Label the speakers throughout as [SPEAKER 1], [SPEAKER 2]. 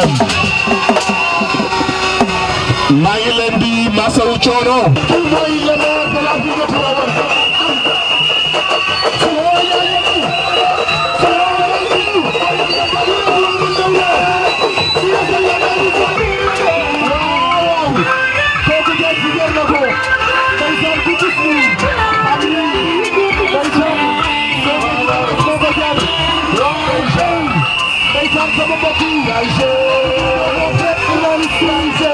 [SPEAKER 1] kanam maa ngi leen di masawu coono Engagé, on fait l'homme français.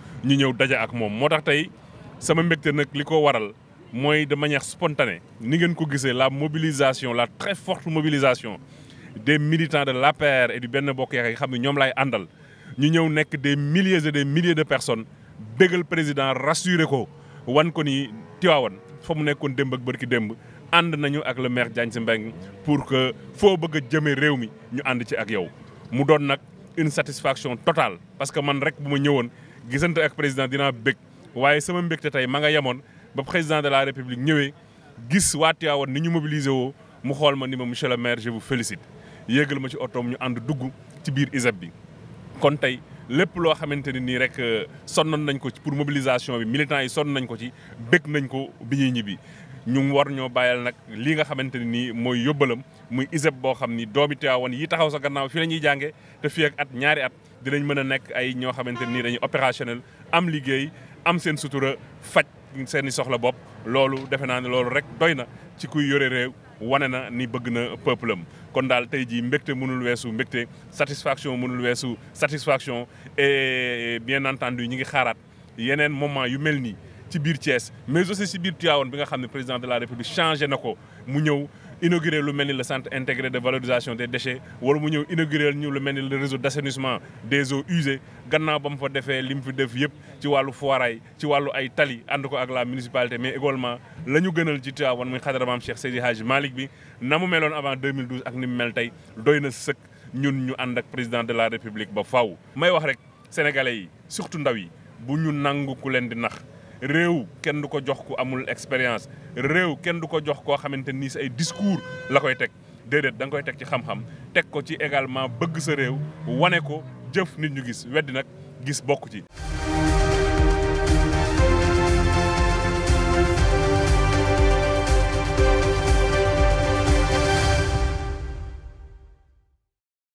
[SPEAKER 1] ñu ñëw dajé ak mom motax tay sama mbégte nak liko waral moy de manière spontanée ni ngeen ko gissé la mobilisation la très forte mobilisation des militants de l'APR et du Benno Bokk Yaakaar yi xam ne lay andal ñu ñëw nek des milliers et des milliers de personnes bégal président rassurer ko wan ko ni Tivaouane fa mu nekkon demb ak barki demb and nañu ak le maire Diagne Sy pour que fo bëgg a jëmee réew mi ñu and ci ak yow mu doon nak une satisfaction totale parce que man rek buma ma je ak président dina bëgg sama ma nga ba président de la république ñëwé gis waa Tivaouane ni ñu mobiliser monsieur le maire je vous félicite yéggal ma ci otoom ñu de dugg ci biir ISAB bi kon tay rek euh, nañ ko ci pour mobilisation bi militants yi sonnon nañ ko ci ñu war ñoo bàyyal nag li nga xamante ne nii mooy yóbbalam muy ISEP boo xam ni doomi Tiwaawan yi taxaw sa gannaaw fii lañuy jànge jàngee te fii ak at ñaari at dinañ mën a nekk ay ñoo xamante ne nii dañuy opérationnel am liggéey am seen sutura faj seen i soxla bopp. loolu defe naa ne loolu rek doy na ci kuy yore réew wane na ni bëgg na peuple am kon daal tey jii mbégte mënul weesu mbégte satisfaction mënul weesu satisfaction et bien entendu ñu ngi xaaraat yeneen moment yu mel nii. ci mais aussi ci biir a bi nga xam président de la République changé na ko mu inauguré le centre intégré de valorisation des déchets ou mu ñëw inauguré ñu le réseau d'assainissement des eaux usées gannaaw ba mu fa defee li mu fi def yëpp ci wàllu foiraay ci wàllu ay tali la municipalité mais également la ñu gënal ci Tivaouane muy xadara maam Cheikh Seydi Hadji bi na mu avant 2012 ak ni mu mel tey doy na sëkk ñun ñu président de la République ba faw may wax rek sénégalais yi surtout ndaw yi bu ñu nangu ku réew kenn du jox ku amul expérience réew kenn du ko jox koo xamante ni discours la koy teg déedéet koy teg ci xam-xam ko ci également bëgg